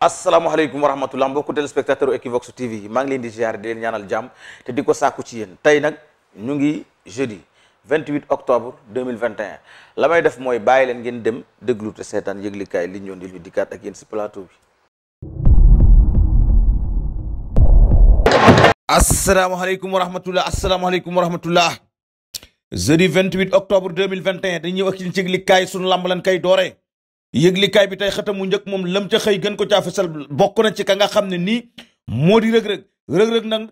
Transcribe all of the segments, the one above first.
asalaamaaleykum wa rahmatullah mbokku téléspectateur Equivox TV maa ngi leen di ziar di leen jàmm te di ko sàkku ci yéen tey nag ñu ngi jeudi 28 octobre 2021 la may def mooy bàyyi leen ngeen dem déglu te seetaan yëglikaay li ñoon di lu dikkaat ak yéen si plateau bi. asalaamaaleykum wa rahmatullah asalaamaaleykum wa rahmatullah jeudi 28 octobre 2021 dañuy wax ci yëglikaay sunu lamb lan kay doore. yëglikaay bi tey xëtamu njëkk moom lam ca xëy gën ko caa fësal bokk na ka nga xam ne ni moo di rëg-rëg rëg-rëg nag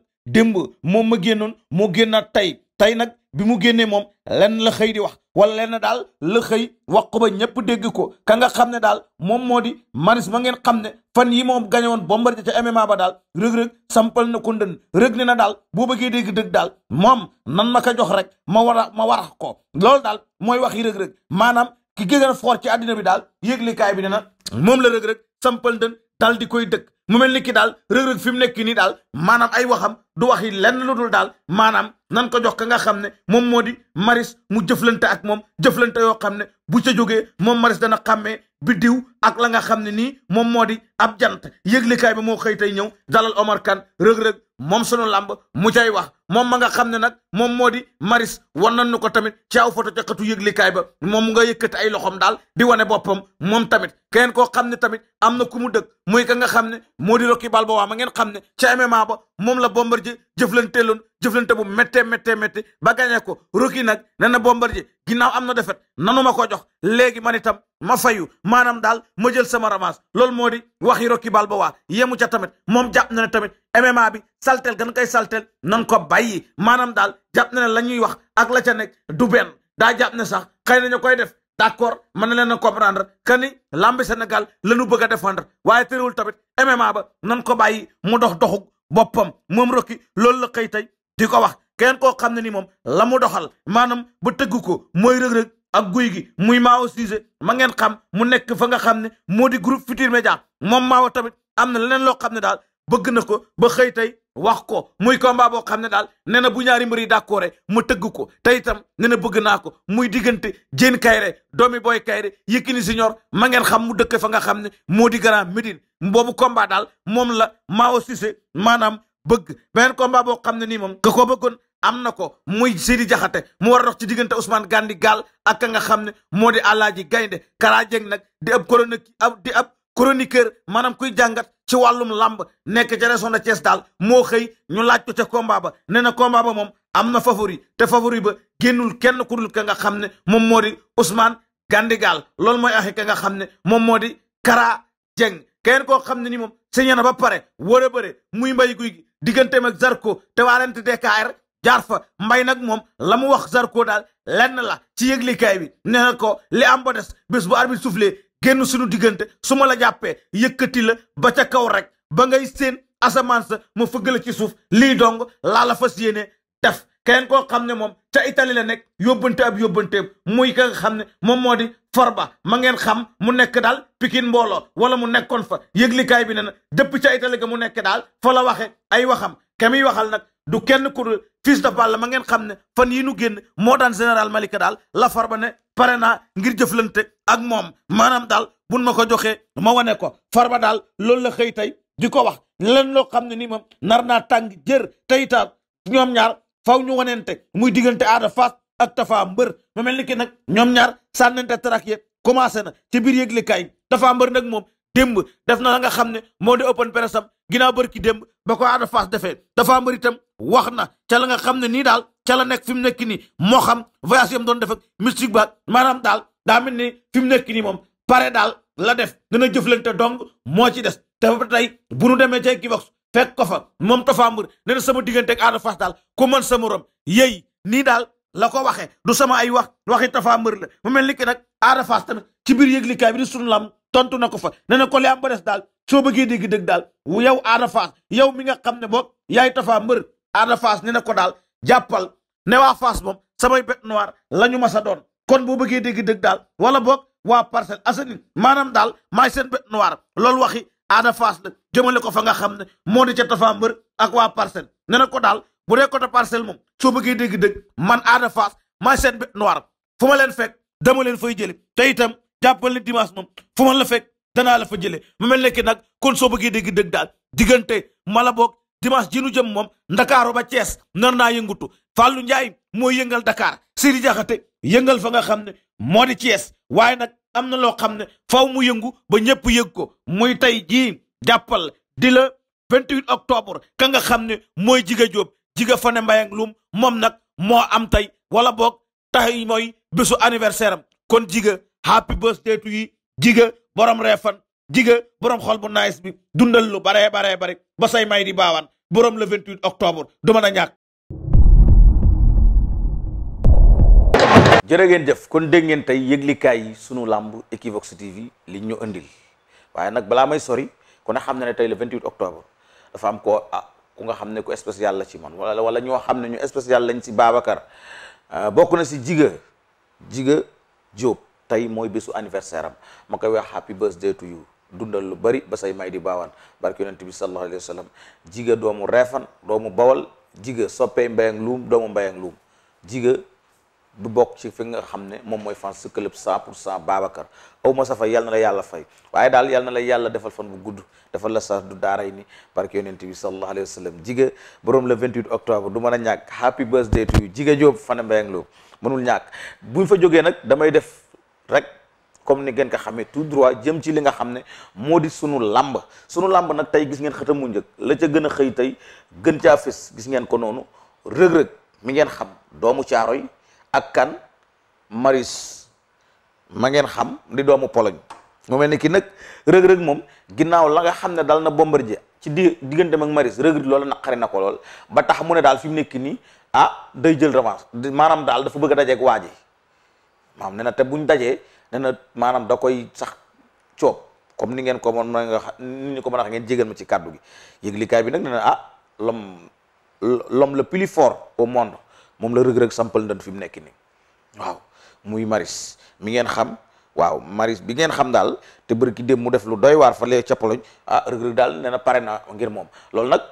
moom ma génnoon moo génnaat tey tey nag bi mu génnee moom lenn la xëy di wax wala na daal la xëy wax ko ba ñëpp dégg ko ka nga xam ne daal moom moo di manis ma ngeen xam ne fan yi moom gañe woon Bombardier ca MMA ba daal rëg-rëg sampal na ko ndën reg ne na daal boo bëggee dégg dëgg daal moom nan ma ko jox rek ma war ma warax ko loolu daal mooy waxi rëg-rëg maanaam ki gën a fort ci àddina bi daal yëglikaay bi ne na moom la rëg-rëg sampal dën daal di koy dëkk mu mel ni ki daal rëg-rëg fi mu nekk nii daal maanaam ay waxam du waxi lenn lu dul daal maanaam nan ko jox ka nga xam ne moom moo di maris mu jëflante ak moom jëflante yoo xam ne bu ca jógee moom maris dana xàmmee biddiw ak la nga xam ne nii moom moo di ab jant yëglikaay bi moo xëy tey ñëw dalal Omar Kane rëg-rëg moom sunu làmb mu cay wax moom ma nga xam ne nag moom moo di maris wan nañu ko tamit ci aw foto ca xatu ba moom nga yëkkati ay loxoom daal di wane boppam moom tamit keneen koo xam ne tamit am na ku mu dëkk muy ka nga xam ne moo di Rocky Balboa ma ngeen xam ne ca MMA ba moom la bombar Bombardier jëflanteeloon jëflante bu méttee méttee méttee ba gagné ko Rocky nag nee na Bombardier ginnaaw am na defet nanu ma ko jox léegi man itam ma fayu maanaam daal ma jël sama ramas loolu moo di waxi Rocky Balboa yemu ca tamit moom jàpp na ne tamit MMA bi saltel gan koy saltel nan ko bàyyi maanaam daal jàpp na la ñuy wax ak la ca nekk du benn daa jàpp ne sax kay na ñu koy def d'accord mën na leen a comprendre que ni lambi senegal la ñu bëgg a défendre waaye tëriwul tamit MMA ba nan ko bàyyi mu dox doxu boppam moom Rocky loolu la xëy tey di ko wax kenn koo xam ne ni moom la mu doxal maanaam ba tëgg ko mooy rëg-rëg ak guy gi muy Maawo Cissé ma ngeen xam mu nekk fa nga xam ne moo di groupe Futurs Médias moom Maawo tamit am na leneen loo xam ne daal bëgg na ko ba xëy tey wax ko muy combat boo xam ne daal nee na bu ñaari mbër yi d'accord mu tëgg ko te itam nee na bëgg naa ko muy diggante Diène Kaïré doomi Boy Kaïré Yékini Senior ma ngeen xam mu dëkk fa nga xam ne moo di Grand Médine boobu combat daal moom la Maawo Cissé maanaam bëgg beneen combat boo xam ne nii moom ka ko bëggoon am na ko muy Sidi Jaxate mu war a ci diggante Ousmane Gandi Gall ak ka nga xam ne moo di Alaaji Gaynde Kara Jeng nag di ab chronique ab di ab chroniqueur maanaam kuy jàngat ci wàllum lamb nekk ca région de Thiès daal moo xëy ñu laaj ko ca combat ba nee na combat moom am na favori te favori ba génnul kenn ku dul nga xam ne moom moo di Ousmane Gandi Gall loolu mooy axi ka nga xam ne moom moo di Kara Jeng kenn koo xam ne ni moom signé na ba pare war a muy mbay guy digganteem ak Zarko te waa rent DKR jaar fa mbay nag moom la mu wax Zarko daal lenn la ci yëglikaay bi nee na ko li am ba des bés bu arbitre soufflé génn suñu diggante su ma la jàppee yëkkati la ba ca kaw rek ba ngay séen asamaan sa ma fëgg la ci suuf lii dong laa la fas yéene def kenn koo xam ne moom ca Italie la nekk yóbbante ab yóbbanteem muy ka nga xam ne moom moo di Farba ma ngeen xam mu nekk daal pikin mbooloo wala mu nekkoon fa yëglikaay bi ne na dëpp ca Italie ga mu nekk daal fa la waxe ay waxam ka muy waxal nag du kenn ku dul fils de Balla ma ngeen xam ne fan yi nu génn moo daan général Malika daal la Farba ne pare naa ngir jëflante ak moom maanaam daal buñ ma ko joxee ma wane ko Farba daal loolu la xëy tey di ko wax len loo xam ne ni moom nar naa tàng jër tey taal faw ñu wanente muy diggante Ada Fass ak Tapha Mbeur ma mel ni nag ñoom ñaar sànnante trak ye commencé na ci biir yëglikaay Tapha Mbeur nag moom démb def na nga xam ne moo de open press sam ginnaaw bër ki demb ba ko Ada Fass defee Tapha Mbeur itam wax na ca la nga xam ne nii daal ca la nekk fi mu nekk nii moo xam voyage yam doon def ak mystique maanaam daal daa mel ni fi mu nekk nii moom pare daal la def jëf jëflante dong moo ci des te ba tey bu nu demee ci Equivox fekk ko fa moom Tapha Mbeur nee sama diggante ak daal ku mën sa morom yéy daal la ko waxe du sama ay wax waxi Tapha Mbeur la mu mel ni que nag Ada Fass tamit ci biir yëglikaay bi di sunu lam tontu na ko fa nee na ko li am ba des daal soo bëggee dégg dëg daal yow Ada Fass mi nga xam ne boog yaay Tapha Mbeur Ada Fass nee na ko daal jàppal ne wax fas moom samay bête noire la ñu mas a doon kon boo bëggee dégg dëg daal wala boog waa Parcelles Assainies maanaam daal maay seen Ada Fass nag jëmale ko fa nga xam ne moo di ca Tapha Mbeur ak waa parcelle nee na ko daal bu dee côté parcelle moom soo bëggee dégg-dëgg man Ada Fass maa seen bête noire fu ma leen fek dama leen fay jële te itam jàppal ne dimanche moom fu ma la fekk danaa la fa jëlee mu mel ne nag kon soo bëggee dégg-dëgg daal diggante mala boog dimanche ji nu jëm moom ndakaaru ba Thiès nar naa yëngutu Fallou Ndiaye moo yëngal Dakar Sidi Diakhaté yëngal fa nga xam ne moo di Thiès waaye nag am na loo xam ne faw mu yëngu ba ñëpp yëg ko muy tey jii jàppal di la 28 octobre ka nga xam ne mooy Djiga Diop Djiga Fane Mbaye ak Loum moom nag moo am tey wala boog tax mooy bésu anniversaire am kon Djiga happy birthday to yi Djiga borom reefan Djiga borom xol bu nice bi dundal lu baree baree bare ba say may di baawaan borom vingt 28 octobre du mën a ñàkk jërë ngeen jëf kon dégg ngeen tey yëglikaay yi sunu làmb Equivox TV liñ ñu andil waaye nag balaa may sori ku ne xam na ne tey le 28 octobre dafa am ko ah ku nga xam ne ko spécial la ci man wala wala ñoo xam ne ñu spécial lañ si Babacar ah, bokk na si Jiga Jiga Diop tey mooy bésu anniversaire am ma koy wax happy birthday to you dundal lu bari ba say may di baawaan barke yonent bi sallallahu alayhi wa sallam Jiga doomu Refan doomu Bawal Jiga soppee Mbayang Luum doomu Mbayang Luum du bokk ci fi nga xam ne moom mooy fan sa club 100 pour 100 Babacar aw ma sa fa yal na la yàlla fay waaye daal yal na la yàlla defal fan bu gudd defal la sa du daaray ni barke yonent bi sallallahu alayhi wa sallam jiga borom le 28 octobre du mën a ñàkk happy birthday to you jiga Diop Fane Mbayang Lo mënul ñàkk buñ fa jógee nag damay def rek comme ni ngeen ko xamee tout droit jëm ci li nga xam ne moo di sunu làmb sunu làmb nag tey gis ngeen xëtam mu njëkk la ca gën a xëy tey gën caa fës gis ngeen ko noonu rëg-rëg mi ngeen xam doomu caaro yi ak kan Maris ma ngeen xam di doomu Pologne mu mel ni ki nag rëg-rëg moom ginnaaw la nga xam ne dal na Bombardier ci di digganteem ak Maris rëg-rëg loolu xari na ko lool ba tax mu ne daal fi mu nekk nii ah day jël revanche maanaam daal dafa bëgg a dajeeg waa ji maanaam ne na te buñ dajee ne maanaam da koy sax coob comme ni ngeen ko mën nga xam ni ñu ko mën a wax ngeen jégal ma ci kàddu gi yëglikaay bi nag ne na ah lom l'homme le plus fort au monde moom la rëg-rëg sampal ndan fi mu nekk nii waaw muy maris mi ngeen xam waaw maris bi ngeen xam daal te bëri ki dem mu def lu doy waar fa lee ca Pologne ah rëg-rëg daal nee na pare na ngir moom loolu nag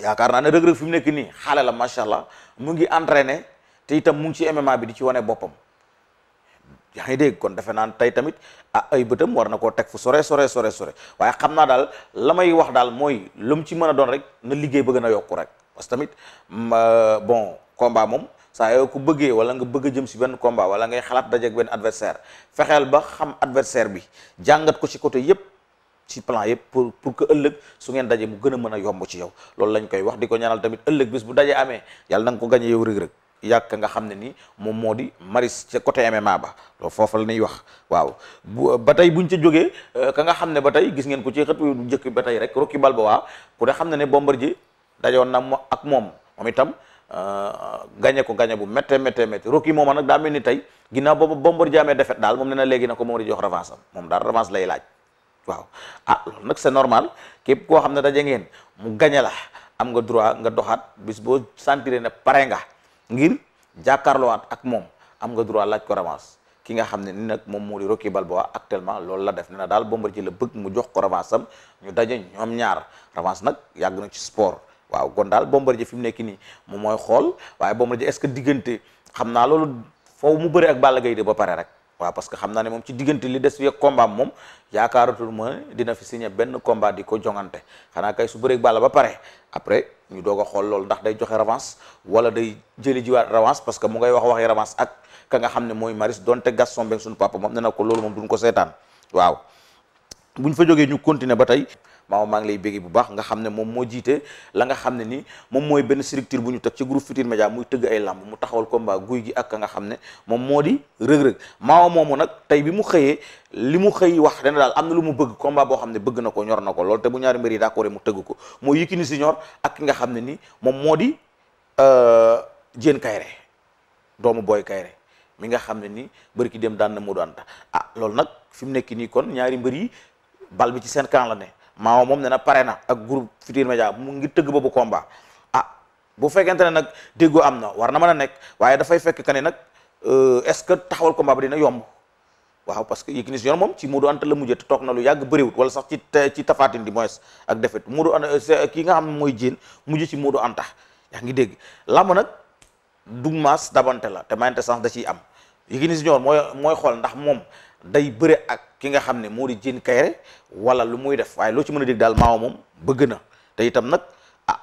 yaakaar naa ne rëg-rëg fi mu nekk nii xaale la macha allah mu ngi entraîné te itam mu ngi ci MMA bi di ci wane boppam yaa ngi dégg kon defe naan tey tamit ah, ay bëtam war na koo teg fu sore sore sore sore waaye xam naa daal lamay wax daal mooy lu mu ci mën a doon rek na liggéey bëgg na yokku rek parce tamit euh, bon combat moom saa yoo ko bëggee wala nga bëgg a jëm si benn combat wala ngay xalaat dajeeg benn adversaire fexeel ba xam adversaire bi jàngat ko ci côté yépp ci plan yépp pour pour que ëllëg su ngeen daje mu gën a mën a yomb ci yow loolu lañ koy wax di ko ñaanal tamit ëllëg bis bu daje amee yàlla nanga ko gañe yow rëg-rëg yàgg nga xam ne nii moom moo di maris ca côté MMA ba loolu foofu la ñuy wax waaw bu ba tey buñ ca jógee euh, ka nga xam ne ba tey gis ngeen ko ci xët njëkk ba tey rek Rocky Balboa ku ne xam ne ne Bombardier dajoon na ak moom Euh, gañe ko gañe bu métte métte métte moom mooma nag daa mel ni tey ginnaaw boobu Bombardier amee defet daal moom ne na léegi na ko moom di jox revanche am moom daal waaw ah nag c'est normal képp koo xam ne daje ngeen mu gañe la am nga droit nga doxaat bis boo sentiré ne pare nga ngir jàkkaarloowaat ak moom am nga droit laaj ko revanche ki nga xam ne ni nag moom moo di Rocky Balboa actuellement loolu la def ne na daal Bombardier la bëgg mu jox ko revanche am ñu daje ñoom ñaar revanche nag yàgg na ci sport waaw kon daal Bombardier fi mu nekk nii moom mooy xool waaye Bombardier est-ce que diggante xam naa loolu foofu mu bëri ak Balla Gaye de ba pare rek waaw parce que xam naa ne moom ci diggante li des fi ak combat moom yaakaaratul fi signé benn combat di ko jongante xanaa kay su bëreeg Balla ba pare après ñu doog a loolu ndax day joxe revanche wala day jëli jiwaat revanche parce que mu ngay wax waxi revanche ak nga xam ne mooy Maris donte Gaston Mbengue suñu papa moom nee na ko loolu moom duñ ko seetaan waaw buñ fa jógee ñu continuer ba tey maaw maa ngi lay bégee bu baax nga xam ne moom moo jiite la nga xam ne ni moom mooy benn structure bu ñu teg ci groupe Futurs Médias muy tëgg ay làmb mu taxawal combat guy gi ak nga xam ne moom moo di rëg-rëg moomu nag tey bi mu xëyee li mu xëy wax dana daal am na lu mu bëgg combat boo xam ne bëgg na ko ñor na ko loolu te bu ñaari mbir yi d'accord mu tëgg ko moo Yékini Senior ak nga xam ne ni moom moo di euh, Diène Kaïré doomu Boy Kaïré mi nga xam ne ni bërki dem daan na Modou Anta ah loolu nag fi mu nekk nii kon ñaari mbër yi bal bi ci seen camp la ne maawo moom ne na pare na ak groupe Futurs Médias mu ngi tëgg boobu combat ah bu fekkente ne nag déggoo am na war na mën a nekk waaye dafay fekk que ni nag euh, est-ce que taxawal combat bi dina yomb waaw parce que Yékini Junior moom ci Modou Anta la mujjee toog na lu yàgg bëriwut wala sax ci ci Tapha Tine di moins ak defet Modou euh, kii nga xam ne mooy jéen mujj ci Modou Anta yaa ngi dégg làmb nag du maas dabante la te mayante sens da ciy am Yékini mooy mooy xool ndax moom day bëre ak ki nga xam ne moo di Diène Kairé wala lu muy def waaye loo ci mën a dégg daal maawa moom bëgg na te itam nag ah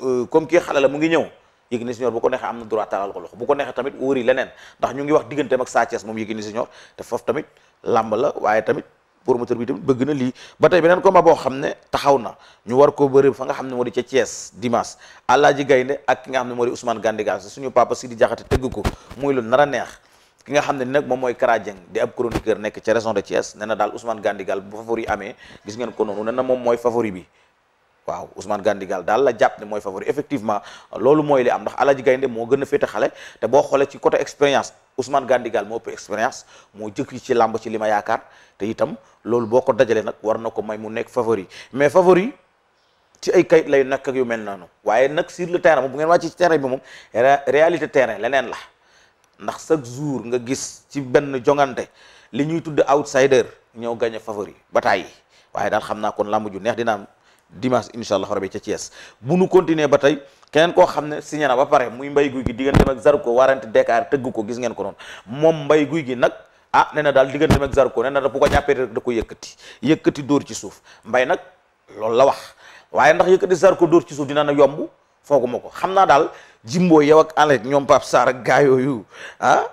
euh, comme kii xale la mu ngi ñëw Yékini Senior bu ko neexee am na droit taalal ko loxo bu ko neexee tamit wóori leneen ndax ñu ngi wax digganteem ak Sa moom Yékini Senior te foofu tamit làmb la waaye tamit promoteur bi tamit bëgg na lii ba tey beneen combat boo xam ne taxaw na ñu war koo bëri fa nga xam ne moo di ca Thiès dimanche Alaaji Gaynde ak ki nga xam ne moo di Ousmane Gandigal suñu papa Sidi Diakhaté tëgg ko muy lu nar a neex ki nga xam ne nag moom mooy Kara Dieng di ab chroniqueur nekk ca région de Thiès nee na daal Ousmane Gandigal bu favori amee gis ngeen ko noonu nee na moom mooy favori bi waaw Ousmane Gandigal daal la jàpp ne mooy favori effectivement loolu mooy li am ndax Aladji Gaynde moo gën a féete xale te boo xoolee ci côté expérience Ousmane Gandigal moo ëpp expérience moo jëkk ci làmb ci li ma yaakaar te itam loolu boo ko dajalee nag war na ko may mu nekk favori mais favori ci ay kayit lay nekk ak yu mel noonu waaye nag sur le terrain bu ngeen wàcc ci terrain bi réalité terrain leneen la ndax chaque jour nga gis ci benn jongante li ñuy tudd outsider ñëw gagné favori bataay yi waaye daal xam naa kon làmb ju neex dina am dimanche incha allah rabi ca Thiès bu nu continuer ba tey keneen koo xam ne signé ba pare muy mbay guy gi digganteem ak Zarko warante Dakar tëgg ko gis ngeen ko noonu moom mbay guy gi nag ah nee na daal digganteem ak Zarko nee na da bu ko jàppee da ko yëkkati yëkkati door ci suuf mbay nag loolu la wax waaye ndax yëkkati Zarko dóor ci suuf dina na yomb fooguma ko xam naa daal Jimbo yow ak Alec ñoom Pape saar ak gaa yooyu ah,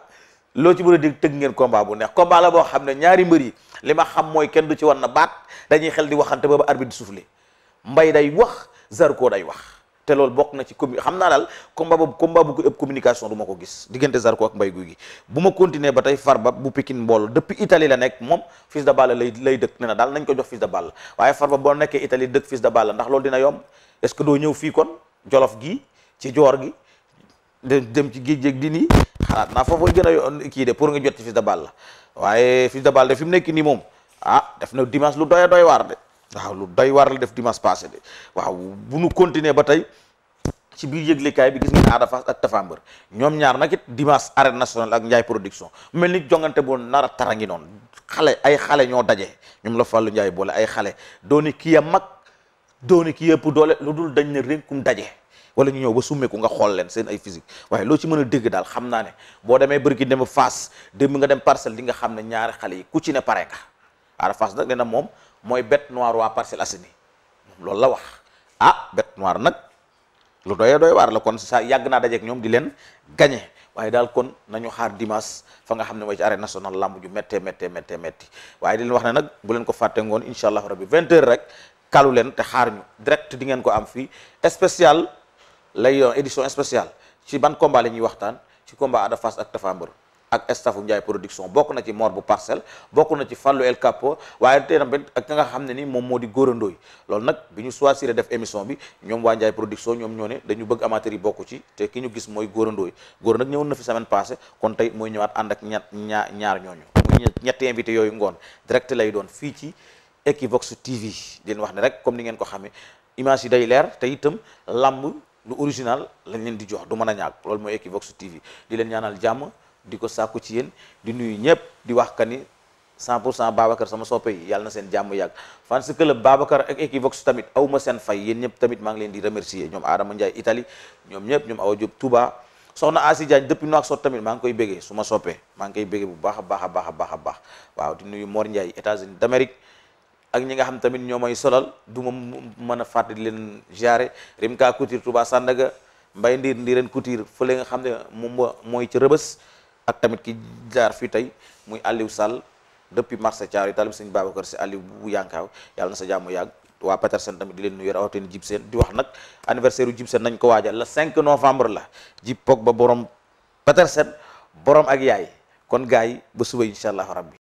loo ci mën a dégg tëgg ngeen combat bu neex combat la boo xam ne ñaari mbër yi li ma xam mooy kenn du ci war na baat dañuy xel di waxante ba ba arbitre di soufflé mbay day wax Zarko day wax te loolu bokk na ci commu xam naa daal combat boobu combat bu ko communication du ma ko gis diggante Zarko ak mbay guy gi bu ma continuer ba tey Farba bu Pikine mbooloo depuis Italie la nekk moom fils de balle lay lay dëkk ne na daal nañ ko jox fils ndax loolu dina yomb est-ce que fii kon jolof gi ci joor gi dem ci géej géej di nii xalaat naa foofu gën a kii de pour nga jot ci Fils de Balla waaye Fils de Balla de fi mu nekk nii moom ah def na dimanche lu doy doy waar de waaw lu doy waar la def dimanche passé de waaw bu nu continuer ba tey ci biir yëglekaay bi gis ngeen Ada Fass ak Tapha Mbeur ñoom ñaar nag it dimanche arène nationale ak Ndiaye production mel ni jongante bu nar tara ngi noonu xale ay xale ñoo daje ñoom la Fallou Ndiaye boole ay xale dooni kii mag doone ki yëpp doole lu dul dañ ne rénkum daje wala ñu ñëw ba summeeku nga xool leen seen ay physique waaye loo ci mën a dégg daal xam naa ne boo demee bërki dem Fass démb nga dem parcelle di nga xam ne ñaari xale yi ku ci ne pare ka Ada Fass nag nee na moom mooy bête noir waa Parcelles Assainies moom loolu la wax ah bête noire nag lu doyee doy waar la kon sa yàgg naa dajeek ñoom di leen gañe waaye daal kon nañu xaar dimanche fa nga xam ne mooy ci arène nationale lamb ju méttee méttee méttee métti waaye di leen wax ne nag bu leen ko fàtte ngoon incha allah rabbi 20 heures rek kalu leen te xaar ñu direct di ngeen ko am fii spécial lay yoon édition spéciale ci ban combat la ñuy waxtaan ci combat Ada Fass ak Tapha Mbeur ak staffu Ndiaye production bokk na ci Mor bu Parcelles bokk na ci Fallou El Capo waaye tey tamit ak nga xam ne ni moom moo di góorandoo yi loolu nag bi ñu choisir def émission bi ñoom waa njaay production ñoom ñoo ne dañu bëgg amateur bokku bokk ci te ki ñu gis mooy góorandoo yi góor nag na fi semaine passée kon tey mooy ñëwaat ànd ak ñaar ñaar ñooñu ñetti invité yooyu ngoon Equivox TV di leen wax ne rek comme ni ngeen ko xamee image yi day leer te itam làmb lu original lañ leen di jox du man a ñàkk loolu mooy Equivox TV di leen ñaanal jàmm di ko sàkku ci yéen di nuyu ñëpp di wax ka ni 100 pour cent Babacar sama soppe yi yàlla na seen jàmm yàgg fan si club Babacar ak Equivox tamit aw ma seen fay yéen ñëpp tamit maa ngi leen di remercier ñoom Adama Ndiaye Italie ñoom ñëpp ñoom Awa Diop Touba soxna Asi Diagne depuis noak sot tamit maa ngi koy bégee su ma soppee maa ngi koy bégee bu baax a baax a a baax a baax waaw di nuyu Mor Ndiaye États-Unis d'Amérique ak ñi nga xam tamit ñoo may solal du ma mën a fàtte di leen jaare Rimka Couture tubaa Sandaga Mbay Ndiir Ndiireen Couture fële nga xam ne moom mooy ci rëbës ak tamit ki jaar fii tey muy Aliou Sall depuis marché Thiaroye Tali sëñ Babacar si Aliou bu yankaaw yàlla na sa jàmm yàgg waa Petersen tamit di leen nuyu rawatina Jib Seen di wax nag anniversaire u Jib Seen nañ ko waajal la 5 novembre la Jib Pogba borom Petersen borom ak yaay kon gars yi ba suba incha allahu rabbi